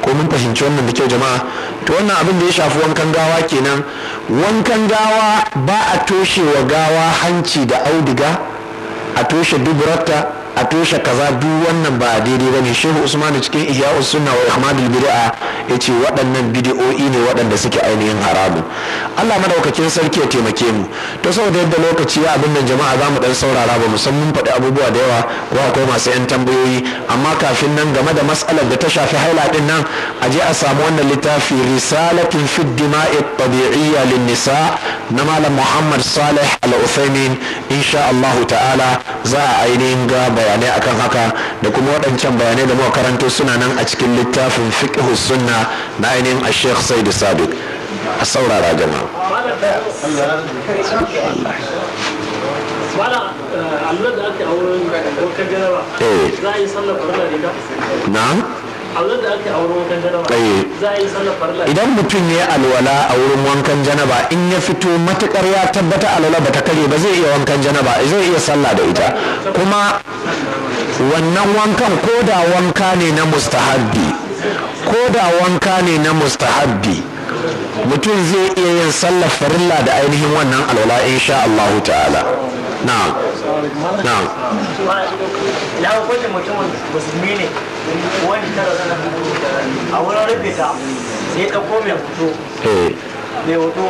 Speaker 1: ko mun fahimci wannan da kyau jama'a to wannan abin da ya shafi wankan gawa kenan wankan gawa ba a toshe wa gawa hanci da audiga a toshe duburatta. a toshe kaza duk wannan ba daidai bane shehu usmanu cikin ihya sunna wa ihmadul bid'a yace waɗannan bid'o'i ne waɗanda suke ainihin haramu Allah madaukakin sarki ya taimake mu to saboda yadda lokaci ya abin nan jama'a zamu dan saurara ba musamman faɗi abubuwa da yawa ko akwai masu yan tambayoyi amma kafin nan game da mas'alar da ta shafi haila din nan a je a samu wannan littafi risalatin fi dima'i tabi'iyya lin nisa na malam Muhammad Saleh Al-Uthaymin insha Allah ta'ala za a ainihin gaba bayanai akan haka da kuma waɗancan bayanai da muka karanto suna nan a cikin littafin fiqh sunna na ainihin a sheikh said sadiq a saurara jama'a eh, eh. na idan mutum ya alwala a wurin wankan janaba in ya fito matukar ya tabbata alwala bata kare ba zai iya wankan janaba zai iya sallah da ita kuma wannan wankan ko da wanka ne na mustahabbi ko da wanka ne na mustahabbi mutum zai iya yin sallar farilla da ainihin wannan alwala insha Allahu ta'ala na'am na'am mutumin musulmi ne wani tara zana a wurin rufe ta sai ta kome hoto eh. mai hoto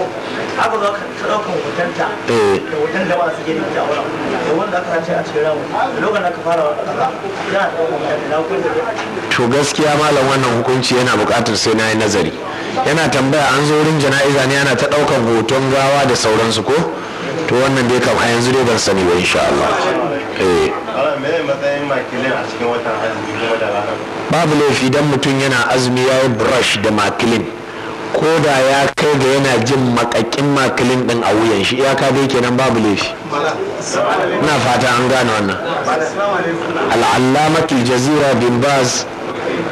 Speaker 1: aka zo ka ɗaukan hotonta eh. da hoton da ba su gani da wurin da wanda aka sace a cikin ramu lokacin aka fara wata kaza yana ɗaukan hoton da kuma to gaskiya malam wannan hukunci yana buƙatar sai na yi nazari yana tambaya an zo wurin jana'iza ne yana ta ɗaukan hoton gawa da sauransu ko to wannan dai kam a yanzu dai ban sani ba insha Allah Eh. babu laifi don mutum yana azumi ya yi brush da makilin ko da ya kai ga yana jin makakin makilin din a wuyan shi iyaka dai kenan babu laifi ina fata an gane wannan al'allamatul jazira bin baz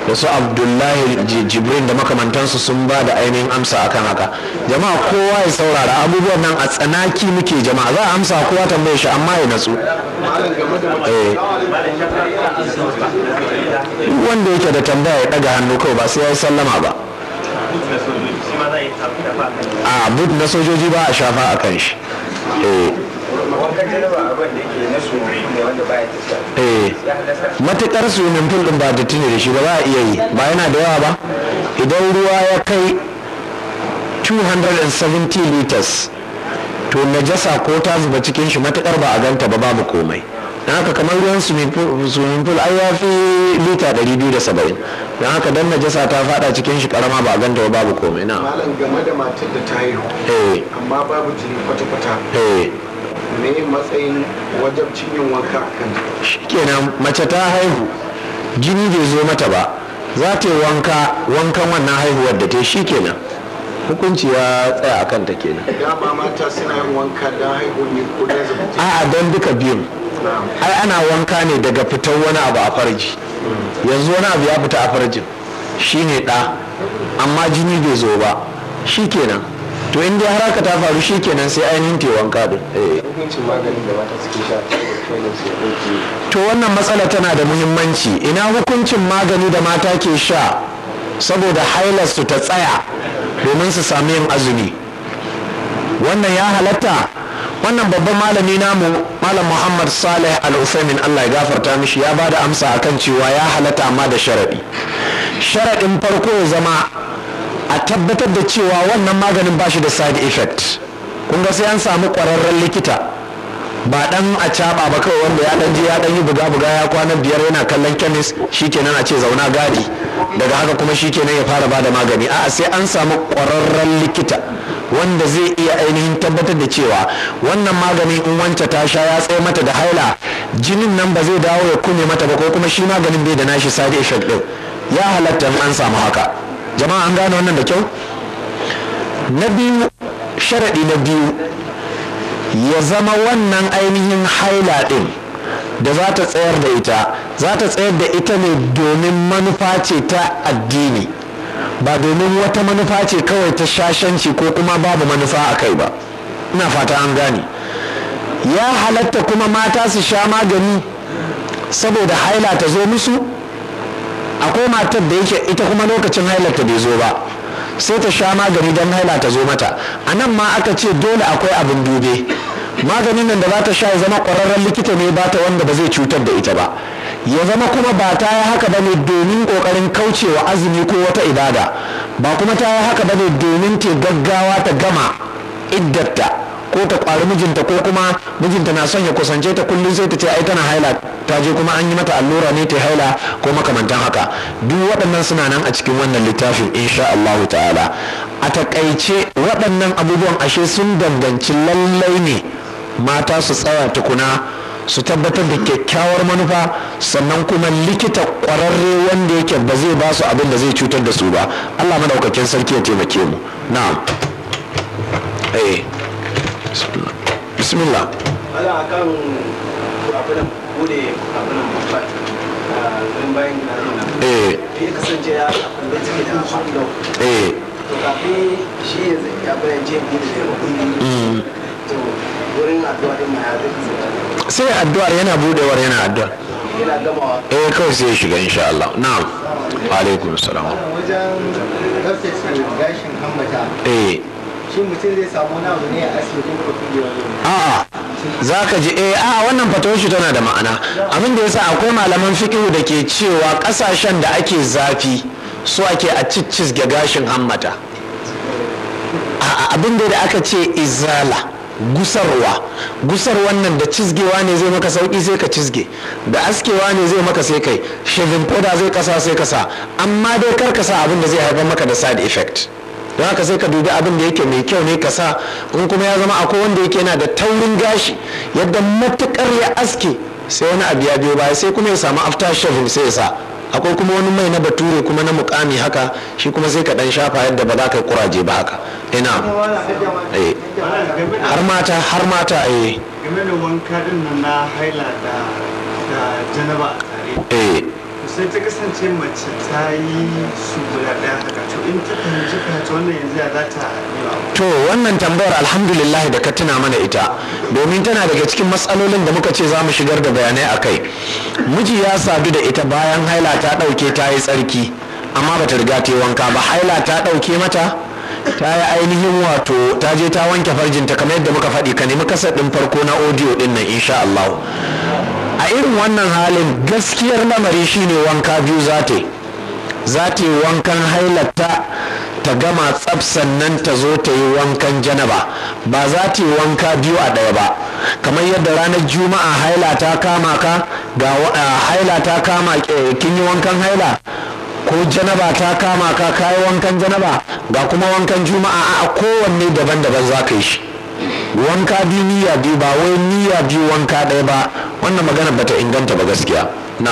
Speaker 1: da su abdullahi jibrin da makamantansu sun ba da ainihin amsa akan haka jama'a kowa ya saurara abubuwan nan a tsanaki muke jama'a za a amsa kowa tambaye shi amma ya natsu eh. wanda yake da tambaya ya daga hannu kawai ba sai ya yi sallama ba a but na sojoji ba a shafa a kan shi eh. eh matuƙar sunan fil ba da tuni da shi ba za a iya yi ba yana da yawa ba idan ruwa ya kai 270 liters to najasa ko ta zuba cikin shi matuƙar ba a ganta ba babu komai don haka kamar ruwan swimming pool ai ya fi lita 270 don haka don najasa ta fada cikin shi karama ba ganta babu komai na malam game da matar da ta haihu eh. amma babu jini kwata-kwata eh. ne matsayin wajabcin yin wanka a kan shikenan mace ta haihu jini bai zo mata ba za ta yi wanka wankan wannan haihuwar da ta shi kenan hukunci ya tsaya a kanta kenan dama mata suna yin wanka da haihu ne ko da a'a don duka biyun ai ana wanka ne daga fitar wani abu a farji yanzu wani abu ya fita a farjin shine da amma jini bai zo ba shi kenan to in dai har ta faru shi kenan sai ainihin tewon eh. kado to wannan matsala tana da muhimmanci ina hukuncin magani da mata ke sha saboda su ta tsaya domin su sami yin azumi wannan ya halatta wannan babban malami namu malam muhammad saleh al-usaimin allah ya gafarta mishi ya ba da amsa akan cewa ya halatta amma da sharaɗi sharaɗin farko zama a tabbatar da cewa wannan maganin ba shi da side effect kun sai an samu ƙwararren likita ba dan a caba ba kawai wanda ya dan je ya dan yi buga buga ya kwana biyar yana kallon kemis shikenan a ce zauna gadi daga haka kuma shikenan ya fara bada magani a'a sai an samu ƙwararren likita wanda zai iya ainihin tabbatar da cewa wannan magani in wance ta sha ya tsaye mata da haila jinin nan ba zai dawo ya kune mata ba ko kuma shi maganin bai da nashi side effect din ya halatta in an samu haka jama'a an gane wannan da kyau na biyu sharaɗi na biyu ya zama wannan ainihin haila ɗin da za ta tsayar da ita za ta tsayar da ita ne domin manufa ce ta addini ba domin wata manufa ce kawai ta shashanci ko kuma babu manufa a kai ba ina fata an gane ya halatta kuma mata su sha magani saboda haila ta zo musu akwai matar da yake ita kuma lokacin hailarta bai zo ba sai ta sha magani don haila ta zo mata a nan ma aka ce dole akwai abin dube maganin nan da za ta sha ya zama kwararren likita ne ba ta wanda ba zai cutar da ita ba ya zama kuma ba ta yi haka ba ne domin ƙoƙarin kaucewa azumi ko wata ibada ba kuma ta yi haka ba ne domin ta gaggawa ta gama iddarta ko ta kwari mijinta ko kuma mijinta na son ya kusance ta kullum sai ta ce ai tana haila ta je kuma an yi mata allura ne ta haila ko makamantan haka duk waɗannan suna nan a cikin wannan littafin insha Allahu ta'ala a takaice waɗannan abubuwan ashe sun danganci lallai ne mata su tsaya tukuna su tabbatar da kyakkyawar manufa sannan kuma likita ƙwararre wanda yake ba zai ba su abin da zai cutar da su ba allah madaukakin sarki ya taimake mu na'am eh. bismillah bismillah bude bayan eh, eh. ya kasance ya da eh to kafin shi ya bayan je da to wurin addu'a din ma ya zai kasance sai addu'ar yana budewar yana addu'a yana gamawa eh kawai sai ya shiga insha Allah na'am alaikum salam wajen gashin eh shi mutum zai samu wani abu ne a asibitin a'a za ka ji eh a wannan fatuwar shi tana da ma'ana abin da yasa akwai malaman fikihu da ke cewa kasashen da ake zafi so ake a ga gashin hammata abin da aka ce izala gusarwa gusar wannan da cizgewa ne zai maka sauki sai ka cizge da askewa ne zai maka sai kai shaving powder zai kasa sai kasa amma dai kar ka sa abin da zai haifar maka da side effect don haka sai ka dubi abin da yake mai kyau ne ka sa in kuma ya zama akwai wanda yake yana da taurin gashi yadda matukar ya aske sai wani abu ya biyo baya sai kuma ya samu after shaving sai ya sa akwai kuma wani mai na bature kuma na mukami haka shi kuma sai ka dan shafa yadda ba za ka kuraje ba haka ina eh. har mata har mata eh. game da wanka na haila da janaba a tare eh. sai ta kasance mace ta yi su guda ɗaya haka to in ta fahimci ta wannan yanzu ya za ta to wannan tambayar alhamdulillah da ka tuna mana ita domin tana daga cikin matsalolin da muka ce za mu shigar da bayanai a kai miji ya sadu da ita bayan haila ta ɗauke ta yi tsarki amma bata riga ta yi wanka ba haila ta ɗauke mata ta yi ainihin wato ta je ta wanke farjinta kamar yadda muka faɗi ka nemi kasar ɗin farko na audio ɗin nan insha Allah a irin wannan halin gaskiyar lamari shine wanka biyu za ta wankan hailata ta gama tsab sannan ta zo ta yi wankan janaba ba za ta yi wanka biyu a ɗaya ba kamar yadda ranar juma'a haila ta kama ka ga haila ta kama kin yi wankan haila ko janaba ta kama ka kayi wankan janaba ga kuma wankan juma'a a kowanne daban-daban za ka yi shi wanka biyu niyya biyu ba wai niyya biyu wanka ɗaya ba wannan magana bata inganta ba gaskiya na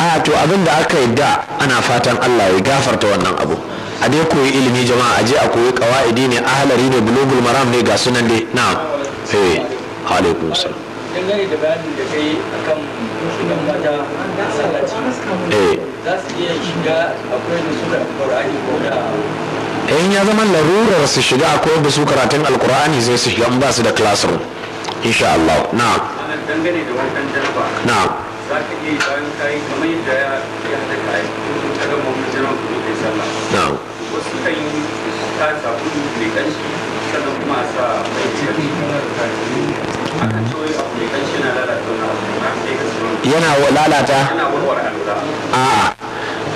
Speaker 1: a to abin da aka yi da ana fatan Allah ya gafarta wannan abu a dai koyi ilimi jama'a aje a koyi kawaidi ne ahalari ne bulogul maram ne ga sunan dai na eh alaikum salam dangane da bayanin da kai akan mata eh. za su iya shiga akwai da ko da in ya zama larurar su shiga a koyar da su karatun alkur'ani zai su shiga in ba su da classroom insha Allah na dangane da wankan jalba na za ka iya bayan kayi kamar yadda ya haɗa kayi ta gama mujiran kudu kai sallah na wasu kan yi ta sabulu mai kanshi sannan kuma a sa mai kanshi akan cewa abu mai na lalata yana lalata yana warware alura a'a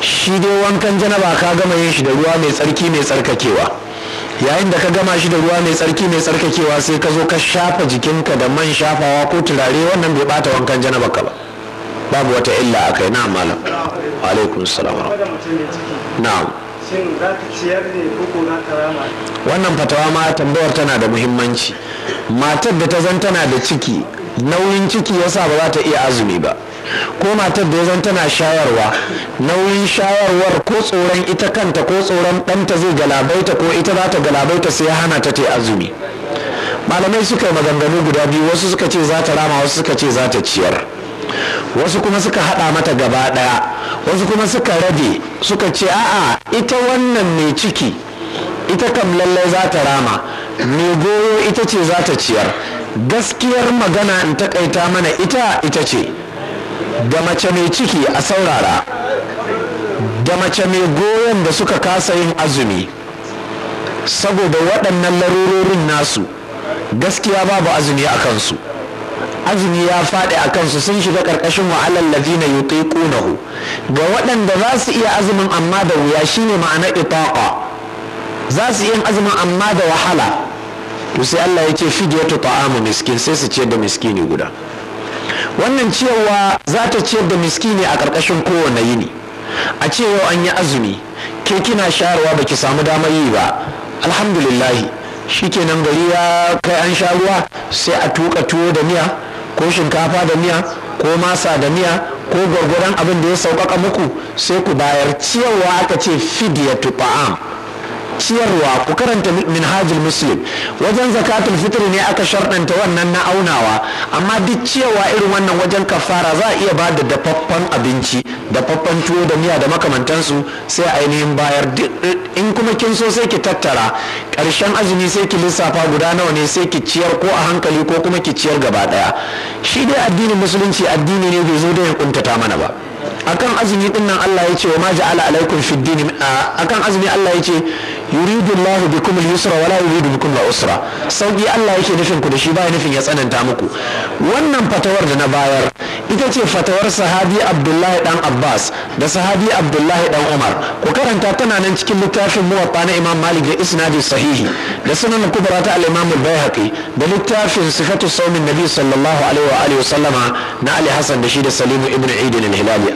Speaker 1: shi dai wankan janaba ka gama yin shi da ruwa mai tsarki mai tsarkakewa yayin da ka gama shi da ruwa mai tsarki mai tsarkakewa sai ka zo ka shafa jikinka da man shafawa ko turare wannan bai bata wankan janaba ka ba babu wata illa a kai na malam alaikum salam na'am wannan fatawa ma tambayar tana da muhimmanci matar da ta zan tana da ciki nauyin ciki yasa ba za ta iya azumi ba ko matar da ya zan tana shayarwa nauyin shayarwar ko tsoron ita kanta ko tsoron ɗanta zai galabaita ko ita za ta galabaita sai ya hana ta ta azumi malamai suka yi maganganu guda biyu wasu suka ce za ta rama wasu suka ce za ta ciyar wasu kuma suka haɗa mata gaba ɗaya wasu kuma suka rage suka ce a'a ita wannan mai ciki ita kam lallai za ta rama mai goyo ita ce za ta ciyar gaskiyar magana in takaita mana ita ita ce da mace mai ciki a saurara da mace mai goyon da suka kasa yin azumi saboda waɗannan larurorin nasu gaskiya babu azumi a kansu azumi ya faɗi a kansu sun shiga ƙarƙashin wa'alar ladina yutiqunahu ga waɗanda za su iya azumin amma da wuya shine ma'ana itaƙa. za su iya azumin amma da wahala to sai Allah ya ce fidyatu ta'amu miskin sai su ce da miskini guda wannan ciyarwa za ta ciyar da miskini a ƙarƙashin kowane yini a ce yau an yi azumi ke kina shayarwa baki samu damar yi ba alhamdulillahi shikenan gari ya kai an sha sai a tuka tuwo da miya ko shinkafa da miya ko masa da miya ko gwargwaron abin da ya sauƙaƙa muku sai ku bayar ciyarwa aka ce fidiyatu ta'am ciyarwa ku karanta minhajul muslim wajen zakatul fitr ne aka sharɗanta wannan na aunawa amma duk ciyarwa irin wannan wajen kafara za a iya ba da dafaffen abinci dafaffen tuwo da miya da makamantansu sai ainihin bayar in kuma kin so sai ki tattara karshen azumi sai ki lissafa guda nawa ne sai ki ciyar ko a hankali ko kuma ki ciyar gaba ɗaya shi dai addinin musulunci addini ne bai zo da ya kuntata mana ba akan azumi din nan Allah yake wa ma ja'ala alaikum fi din akan azumi Allah yake yuridu Allah bikum al-yusra wa la yuridu bikum al-usra sauki Allah yake nufin ku da shi baya nufin ya tsananta muku wannan fatawar da na bayar ita ce fatawar sahabi Abdullahi dan Abbas da sahabi Abdullahi dan Umar ku karanta tana nan cikin littafin muwatta na Imam Malik da isnadi sahihi da sunan kubra ta al-Imam al-Baihaqi da littafin sifatu sawmin nabi sallallahu alaihi wa alihi wa sallama na Ali Hasan da shi da Salim ibn Eid al-Hilali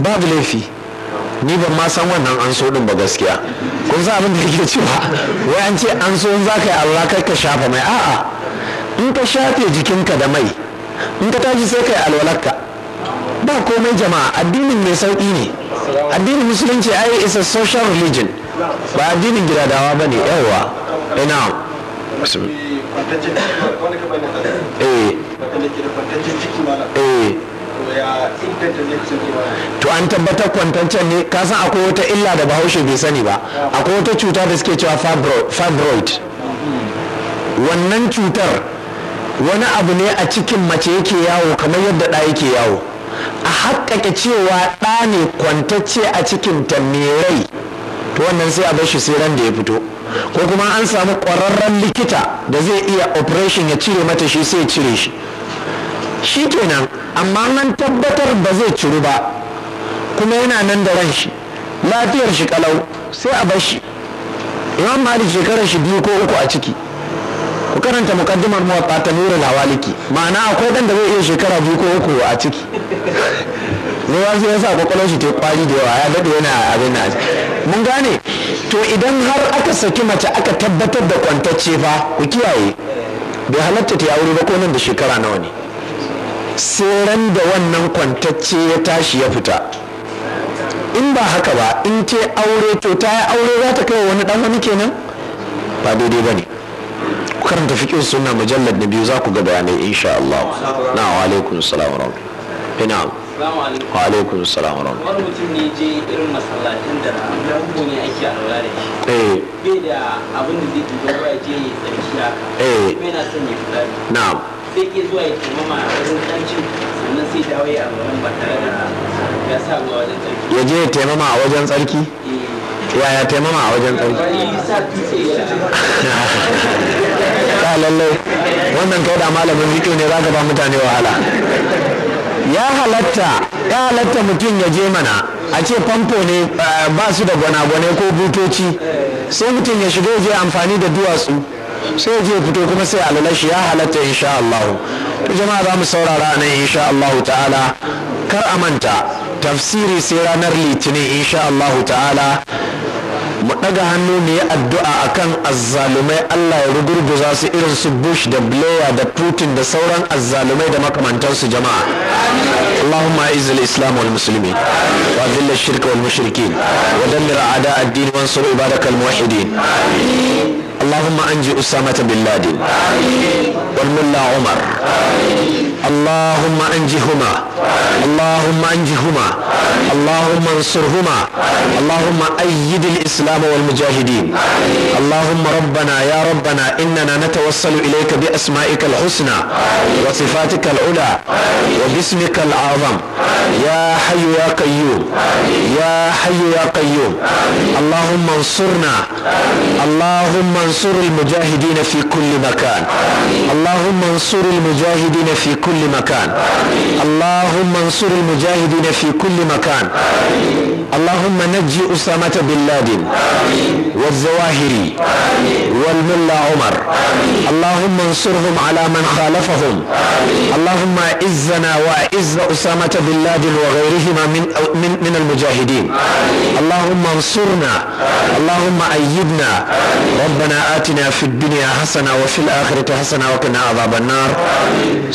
Speaker 1: babu laifi ni ban ma san wannan an so din ba gaskiya kun san abin da yake cewa wai an ce an so in za ka yi allah kai ka shafa mai a'a in ka shafe jikinka da mai in ka tashi sai ka yi alwalarka ba komai jama'a addinin mai sauƙi ne addinin musulunci ai is a social religion ba addinin gidadawa ba ne yawa ina eh to an tabbatar kwantancen ne ka san akwai wata illa da bahaushe bai sani ba akwai wata cuta da suke cewa fibroid mm-hmm. wannan cutar wani abu ne a cikin mace yake yawo kamar yadda ɗa yake yawo a haƙƙaƙe cewa ɗa ne kwantacce a cikin ta rai to wannan sai a bar shi sai ran da ya fito ko kuma an samu ƙwararren likita da zai iya operation ya cire mata shi sai ya cire shi shi kenan amma an tabbatar ba zai ciru ba kuma yana nan da ran shi lafiyar shi kalau sai a bar shi imam malik shekarar shi biyu ko uku a ciki ku karanta mukaddimar a ta nura lawaliki ma'ana akwai dan da zai iya shekara biyu ko uku a ciki ne ya zo ya sa shi ta kwari da yawa ya dade yana abin na mun gane to idan har aka saki mace aka tabbatar da kwantacce fa ku kiyaye bai halatta ta aure ba ko nan da shekara nawa ne sai ran da wannan kwantacce ya tashi ya fita in ba haka ba in ta aure to ta yi aure za ta kai wani dan wani kenan ba daidai ba ne ku karanta fiƙin suna mujallar na biyu za ku ga bayanai insha Allah na wa alaikun salam wa rahmatullahi eh, wa alaikun salam wa rahmatullahi wani mutum ne je irin masallatin da rambo ne ake alwala da shi eh. bai da abin da zai dubo ya je ya tsarki haka bai eh. na son ya fitari na'am zai iya zuwa ya taimama a wajen tsancin sannan sai dawo ya alwalan ba tare da ya sa ruwa wajen tsarki ya je ya taimama a wajen tsarki eh. yaya taimama a wajen tsarki ta eh, lallai wannan kai da malamin rito ne za ka ba mutane wahala ya halatta ya halatta mutum ya je mana a ce famfo ne eh, ba su da gwanagwane ko butoci sai mutum ya shiga ya je amfani da duwatsu sai je fito kuma sai alalashi ya halatta insha Allah jama'a za mu saurara nan insha Allah ta'ala kar a manta tafsiri sai ranar litinin insha Allah ta'ala mu ɗaga hannu ne yi addu'a akan azzalumai Allah ya rugurguza su irin su Bush da Blair da Putin da sauran azzalumai da makamantansu jama'a اللهم اعز الاسلام والمسلمين واذل الشرك والمشركين ودمر اعداء الدين وانصر عبادك الموحدين اللهم أنجي أسامة بن لادن والملا عمر آمين. اللهم أنجهما اللهم أنجهما اللهم انصرهما اللهم أيد الإسلام والمجاهدين اللهم ربنا يا ربنا إننا نتوسل إليك بأسمائك الحسنى وصفاتك العلى وباسمك الأعظم يا حي يا قيوم يا حي يا قيوم اللهم انصرنا اللهم انصر المجاهدين في كل مكان اللهم انصر المجاهدين في كل مكان اللهم انصر المجاهدين في كل مكان اللهم نجي أسامة بن لادن والزواهري والملا عمر اللهم انصرهم على من خالفهم اللهم اعزنا واعز اسامه بن لادن وغيرهما من من من المجاهدين اللهم انصرنا اللهم ايدنا ربنا اتنا في الدنيا حسنه وفي الاخره حسنه وقنا عذاب النار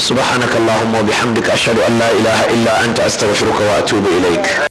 Speaker 1: سبحانك اللهم وبحمدك اشهد ان لا اله الا انت استغفرك واتوب اليك